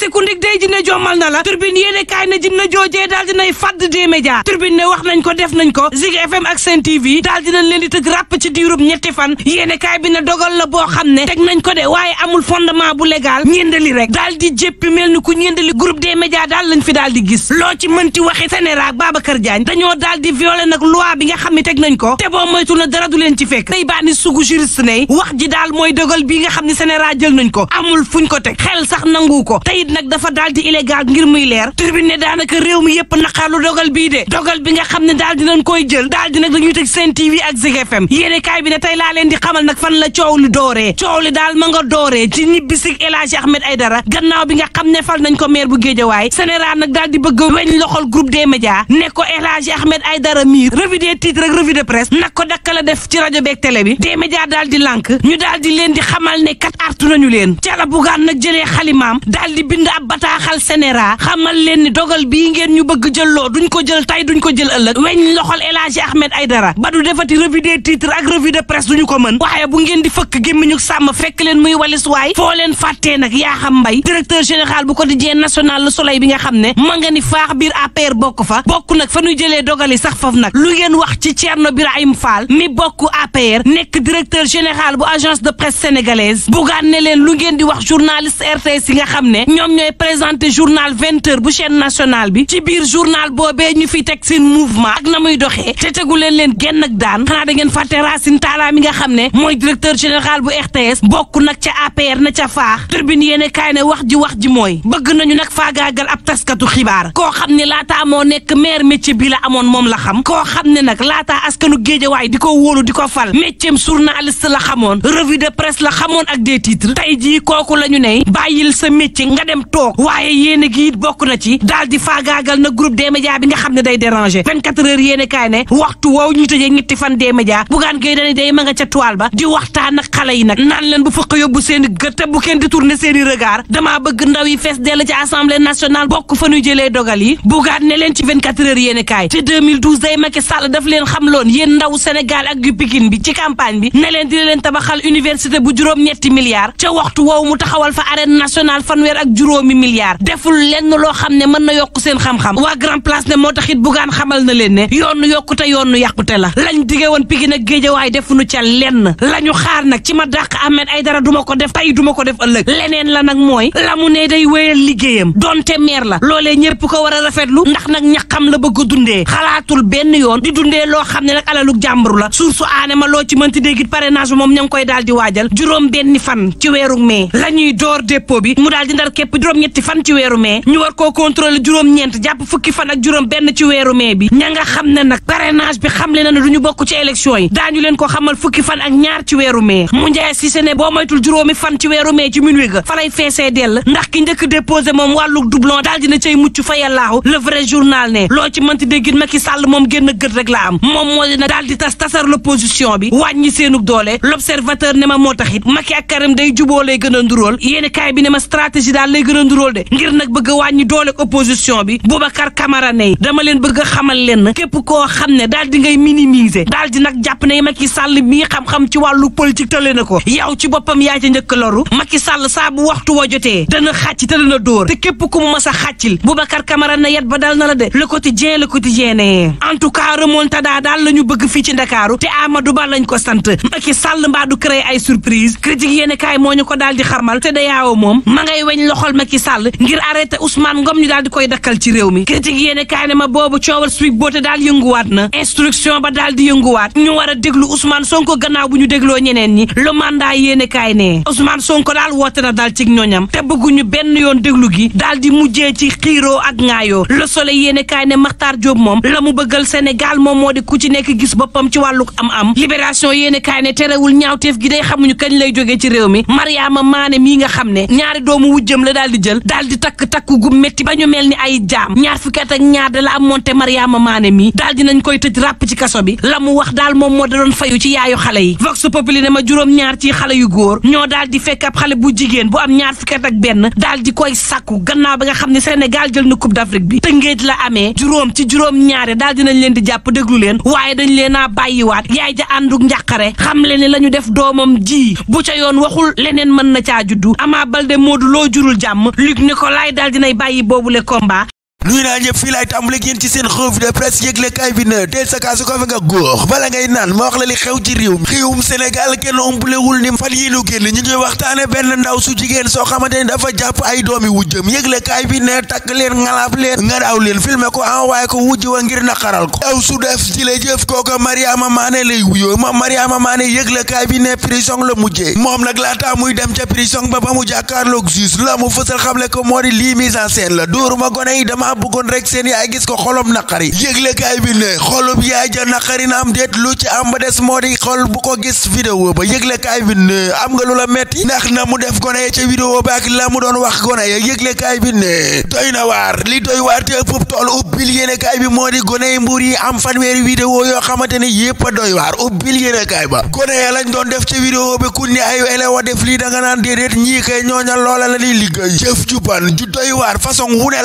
sekundik day jinne jommal na la turbine yéene kaay na jinne joojee daal dinay fàdd des médias turbine ne wax nañ ko def nañ ko Zik FM ak Sen TV daal dinañ leen di tëgg ràpp ci diirub ñetti fan yéene kaay bi na dogal la boo xam ne teg nañ ko de waaye amul fondement bu légal ñeendali rek daal di jëpp mel ni ku ñeendali groupe des média daal lañ fi daal di gis loo ci mënti waxe Sénéra ak Babacar Diagne dañoo daal di violer nag loi bi nga xam ne teg nañ ko te may moytu na dara leen ci fekk day bànni sugu juriste ne wax ji daal mooy dogal bi nga xam ne Sénéra jël nañ ko amul fuñ ko teg xel sax nangu ko nag dafa daal di illégal ngir muy leer tribune ne daanaka réew mi yëpp lu dogal bii de dogal bi nga xam ne daal dinañ koy jël daal di nag dañuy tëj seen TV ak Zik FM yéene kaay bi ne tey laa leen di xamal nag fan la coow li dooree coow daal ma nga dooree ci ñibbi si El Hadji Ahmed Aïdara gannaaw bi nga xam ne fal nañ ko maire bu Guédiawaye Sénéral nag daal di bëgg weñ loxol groupe des médias ne ko El Hadji Ahmed Aïdara mii revue des titres ak revue de presse nag ko dakkala def ci rajo beeg télé bi des médias daal di lànk ñu daal di leen di xamal ne kat artu nañu leen ca la bugaan nag jëlee xalimaam daal di bind ab bataaxal sénéra xamal leen ni dogal bii ngeen ñu bëgg jëlloo duñ ko bu ngeen di fëkk gémmiñu sàmm fekk leen muy walis waay foo leen fàttee yaa xam mbay directeur général bu quotidien national Le Soleil bi nga xam ne ma nga ni faax biir APR bokk fa bokk nag fa ñu jëlee dogal sax faf nag lu ngeen wax ci Thierno Birahim Fall mi bokk APR nekk directeur général bu agence de presse sénégalaise bugaan ne leen lu ngeen di wax journaliste RTS nga xam ne ñoom ñooy présenté journal vingt bu chaîne nationale bi ci biir journal boobee ñu fi teg seen mouvement ak na muy doxee te tegu leen leen genn ak daan xanaa da ngeen fàtte Racine Talla mi nga xam ne mooy directeur général bu RTS bokk nag ca APR na ca faax turbine yéene kaay wax ji wax ji mooy bëgg nañu nag faagaagal ab taskatu xibaar koo xam ne laata moo nekk maire métier bi la amoon moom la xam koo xam ne nag laataa askanu géejawaay di ko wóolu di ko fal métier journaliste la xamoon revue de presse la xamoon ak des tey jii kooku la ñu ne bàyyil sa nga dem dem toog waaye yéen a gi bokk na ci daal di faagaagal na groupe des médias bi nga xam ne day déranger 24 kaay ne waxtu woow ñu tëjee ñetti fan des médias bugaan i ne leen ci 24 kaay ci day Macky Sall daf leen xamloon yéen ndaw Sénégal ak juróom-ñetti milliards ca waxtu woow mu taxawal fa arène nationale fanweer ak juróom juróomi milliards deful lenn loo xam ne mën na yokk seen xam-xam waa grand place ne moo tax it bugaan xamal na leen ne yoonu yokkute yoonu yàqute la lañ dige woon pigi nag géejawaay defuñu ca lenn lañu xaar nag ci ma dàq Ahmed Aïdara duma ko def tey duma ko def ëllëg leneen la nag mooy la mu ne day wéyal liggéeyam donte meer la loole ñëpp ko war a lu ndax nag ñaqam la bëgg a dundee xalaatul benn yoon di dundee loo xam ne nag alalug jàmbur la suur su aane ma loo ci mënti dégg it parrainage moom ña ngi koy daal di waajal juróom benn fan ci weeru mai la jàpp juróom-ñetti fan ci weeru mai ñu war koo contrôler juróom-ñeent jàpp fukki fan ak juróom benn ci weeru mai bi ña nga xam ne nag parrainage bi xamle na ne du ñu bokk ci élection yi ñu leen ko xamal fukki fan ak ñaar ci weeru mai mu njaay si se ne boo moytul juróomi fan ci weeru mai ci minuit ga fa lay feesee dell ndax ki njëkk déposé moom wàllu doublon daal dina cay mucc fa yàllaahu le vrai journal ne loo ci mënti déggin Macky Sall moom génn gët rek la am moom moo dina daal di tas tasar l'opposition bi wàññi seenug doole l'observateur ne ma moo taxit Macky ak Karim day juboo lay gën a nduróol yéeni kaay gën a nduróol de ngir nag bëgg a wàññi doole opposition bi Boubacar Camara ne dama leen bëgg a xamal leen képp koo xam ne daal di ngay minimiser daal di nag jàpp ne Macky Sall mii xam-xam ci wàllu politique tële na ko yow ci boppam yaa njëkk loru Macky Sall saa bu waxtu wa jotee dana xàcc te dana dóor te képp ku mu mas a xàccil Boubacar Camara ne yat ba dal na la de le quotidien ne en tout cas remontada daal la ñu bëgg fii ci Ndakaaru te Amadou Ba lañ ko sant Macky Sall mbaa du créer ay ko daal di xarmal te dayaawo loxol Macky Sall ngir arrêté Ousmane Ngom ñu daal di koy dakkal ci réew mi critique yéene kaay ne ma boobu coowal suite boote daal yënguwaat na instruction ba daal di yënguwaat ñu war a déglu Ousmane Sonko gannaaw bu ñu dégloo ñeneen ñi le mandat yéene kaay ne Ousmane Sonko daal woote na daal ci ñoñam te ñu benn yoon déglu gi daal di mujjee ci xiiroo ak ŋaayoo le soleil yéene kaay ne Makhtar Diop moom la mu bëggal Sénégal moom moo di ku ci nekk gis boppam ci wàlluk am-am libération yéene kaay ne terewul ñaawteef gi day xamuñu kañ lay jógee ci réew mi Mariama Maane mii nga xam ne ñaari doomu wujjëm daal jël daal takk takk gu métti ba ñu mel ni ay jaam ñaar fukki ak ñaar da la am monte Mariama Maane mi daal nañ koy tëj ràpp ci kaso bi la mu wax daal moom moo da doon fayu ci yaayu xale yi vox populi ne ma juróom-ñaar ci xale yu góor ñoo daal fekk ab xale bu jigéen bu am ñaar fukki ak benn daal koy sàkku gannaaw ba nga xam ne Sénégal jël na coupe d'Afrique bi tëngéej la amee juróom ci juróom-ñaare daal dinañ leen di jàpp déglu leen waaye dañ leen a bàyyiwaat yaay ja ànduk njàqare xam le ne la ñu def doomam ji bu ca yoon waxul leneen mën na caa juddu Ama Baldé Modou jàmm Luc Nicolaï daal dinay bàyyi boobule combat nuy naa ñëpp fii laay tàmbaleeg yéen ci seen revue de presse yëgle kaay bi na dee sa kaasu ko fi nga góor bala ngay naan ma wax la li xew ci réew mi réewum Sénégal kenn umpulewul ni fa yi ñu génn ñu ngi waxtaane benn ndaw su jigéen soo xamante ni dafa jàpp ay doomi wujjam yëgle kaay bi ne takk leen ngalaab leen ngaraaw leen filmé ko envoyé ko wujj wa ngir naqaral ko aw su def ci la jëf kooka Mariama Mané lay wuyoo moom Mariama Mané yëgle bi ne prison la mujjee moom nag laata muy dem ca prison ba ba mu jàkkaarloog la mu fësal xamle ko moo di lii en la dóoruma gone yi dama damaa bëggoon rek seen yaay gis ko xolom naqari yëglekaay bi ne xolub yaay ja naqari na am déet lu ci am ba des moo di xol bu ko gis vidéo ba yëglekaay bi ne am nga lu la metti ndax na mu def gone ya ca vidéo ba ak la mu doon wax gone ya yëglekaay bi ne doy na waar li doy waar te ëpp tool ubbil yéenekaay bi moo di gone yi mbuur yi am fanweeri vidéo yoo xamante ne yépp a doy waar ubbil yéenekaay ba gone ya lañ doon def ca vidéo bi ku ne ay elewa def lii da nga naan déedéet ñii kay ñooña loola la ñuy liggéey jëf ju ban ju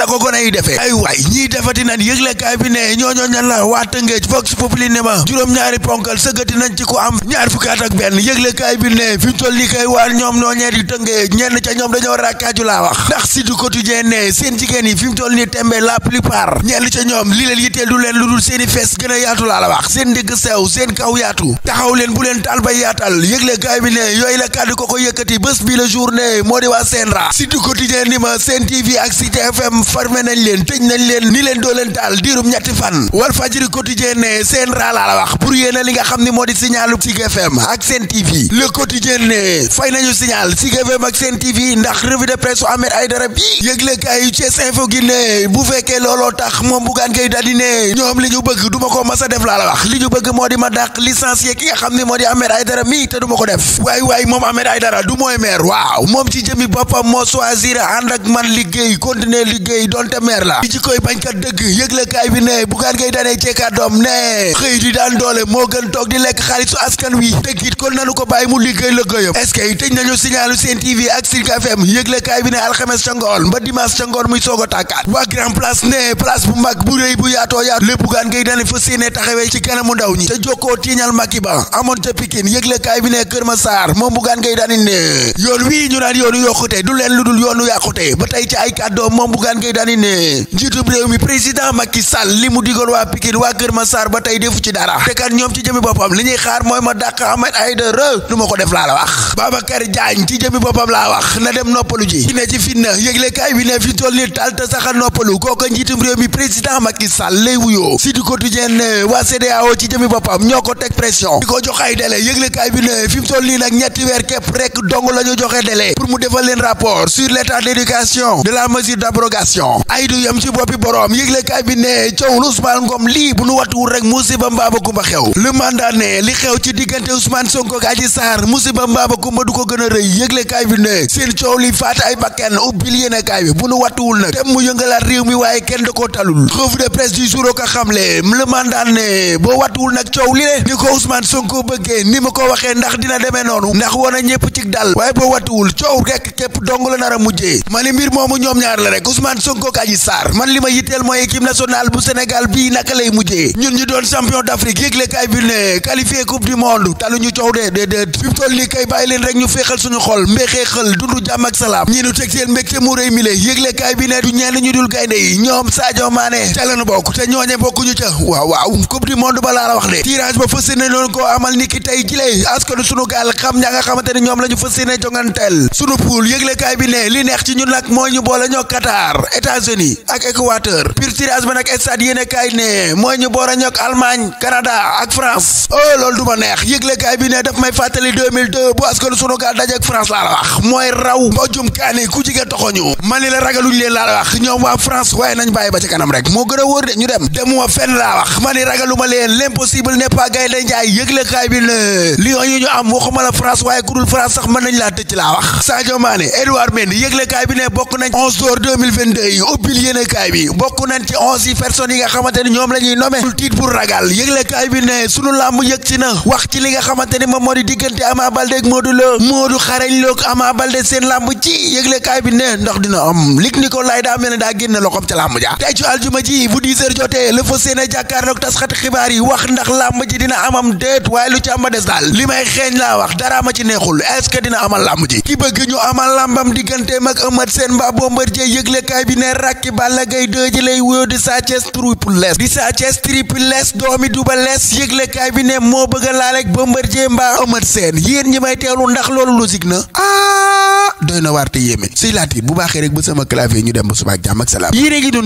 la ko gone yi def jafe ay waay ñiy defati nan yëglekaay bi ne ñooñoo ñan la waa Tëngéej Vox Populi ne ma juróom-ñaari ponkal sëggati nañ ci ko am ñaar fukki ak benn yëglekaay bi ne fi toll ni kay waa ñoom noo ñeet yi ñenn ca ñoom dañoo rakkaaju laa wax ndax si du quotidien seen jigéen yi fi toll ni tembe la plupart ñenn ca ñoom li leen yitteel du leen lu dul seeni fees gën a yaatu laa la wax seen ndigg sew seen kaw yaatu taxaw bu leen taal ba yaatal leen nañ leen ni leen doo leen taal diirum ñetti fan wal fajiri quotidien ne seen raalaa la wax pour yéena li nga xam ni moo di signalu Sig FM ak seen TV le quotidien ne fay nañu signal Sig FM ak seen TV ndax revue de presse ay dara bi yëglekaay yu Thiès Info gi ne bu fekkee looloo tax moom Bougane Gueye Dany ne ñoom li ñu bëgg duma ko mas a def laa la wax li ñu bëgg moo di ma dàq licencié ki nga xam ne moo di Ahmed ay mi te du ma ko def waay waay moom Ahmed Aïdara du mooy maire waaw moom ci jëmi boppam moo choisir ànd ak man liggéey continuer liggéey donte maire la di jikkoy bañkat dëgg yëglekaay bi ne bugaan ngay danee ceekaat doom ne xëy di daan doole moo gën toog di lekk xaalisu askan wi dëgg it kon nanu ko bàyyi mu liggéey liggéeyam est-ce tëj nañu signalu Sen TV ak Zik FM yëglekaay bi ne alxames ca ngoon ba dimanche ca ngoon muy soog a tàkkaat waa Grand Place ne place bu mag bu rëy bu yaatoo yaatu lépp bugaan ngay dane fa séenee taxawee ci kanamu ndaw ñi te jokkoo tiiñal makki ba amoon ca Pikine yëglekaay bi njiitum réew mi président Macky Sall li mu digoon waa Pikine waa Kër Massar ba tey defu ci dara te kat ñoom ci jëmi boppam li ñuy xaar mooy ma dàq Ahmed Aïdara du ma ko def laa la wax Babacar Diagne ci jëmi boppam laa wax na dem noppalu ji ci ne ci fitna yëgle kaay bi ne fi toll ni tal te sax a noppalu kooka njiitum réew mi président Macky Sall lay wuyoo si du quotidien waa CEDEAO ci jëmi boppam ñoo ko teg pression di ko jox ay délai yëgle kaay bi fi mu toll nii nag ñetti weer la joxe délai pour mu defal leen rapport sur l'état d'éducation la mesure d'abrogation ay du jëm ci boppi boroom yëglekaay bi ne coow lu Ousmane Ngom lii bu nu wattuwul rek musiba mbaaba kumba xew le mandat ne li xew ci diggante Ousmane Sonko ak Adji Sarr musiba mbaaba kumba du ko gën a rëy yëglekaay bi ne seen coow li faat ay bakken ubbil yéenekaay bi bu nu wattuwul nag dem mu yëngalaat réew mi waaye kenn da koo talul revue de presse du jour ko xamle le mandat ne boo wattuwul nag coow li ne ni ko Ousmane Sonko bëggee ni ma ko waxee ndax dina demee noonu ndax woon a ñëpp ci dal waaye boo wattuwul coow rek képp dong la nar a ma ni mbir moomu ñoom ñaar la rek Ousmane Sonko ak waar man li ma yitteel mooy équipe nationale bu Sénégal bii naka lay mujjee ñun ñu doon champion d'Afrique yëgle kay bi ne qualifié coupe du monde talu ñu coow de déedéet fi mu toll nii kay leen rek ñu féexal suñu xol mbéexee xal dundu jàmm ak salaam ñi nu teg seen mbégte mu réy mi le yëgle kay bi ne du ñenn ñu dul gaynde yi ñoom Sadio Mané ca lañu bokk te ñooñe bokkuñu ca waaw waaw coupe du monde ba laa wax de tirage ba fas yéene noonu koo amal ni ki tey jiley xam ñaa nga xamante ne ñoom la ñu fas yéene jonganteel sunu pool yëgle kay bi ne li neex ci ñun nag mooy ñu boole ñoo Qatar États-Unis ak Équateur pur tirage ba nag stade yéen a kaay ne mooy ñu boorañoo ak Allemagne Canada ak France oh loolu du ma neex yëgle kaay bi ne daf may fàttali 2002 bu askanu sunu gaal daje ak France laa la wax mooy raw mbojum kaani ku jige toxoñu ma ni la ragaluñ leen laa la wax ñoom waa France waaye nañ bàyyi ba ci kanam rek moo gën a wóor de ñu dem demuma fenn laa wax ma ni ragaluma leen l'impossible n'est pas gagné dañ jaay yëgle bi ne lion yi ñu am waxuma la France nañ laa bi ne bokk nañ 11 yéenekaay bi bokk nañ ci onze personnes yi nga xamante ñoom la ñuy tiit pour ragal yëglekaay bi ne sunu làmb yëg si na wax ci li nga xamante ni moom moo di diggante Ama Baldé ak Modou Lo Modou xarañ Lo loxoom ca làmb ja tey ci aljuma ji bu 10 jotee la seen a jàkkaarloog tasxati xibaar yi wax ndax làmb ji dina amam déet waaye lu ci am daal li may xeeñ laa wax dara ma ci neexul est dina amal làmb ji ki bëgg ñu amal làmbam digganteem ak Eumeu Balla Gaye 2 ji lay wuyoo di Sa Thiès Triple Less di Sa Thiès Triple Less doomi ba Less yëglekaay bi ne moo bëgga bëgg a laaleeg Bombardier mbaa Eumeu Sène yéen ñi may teelu ndax loolu logique na ah doy na waar te si laat yi bu baaxee rek ba sama clavier ñu dem ba suba ak jàmm ak salaam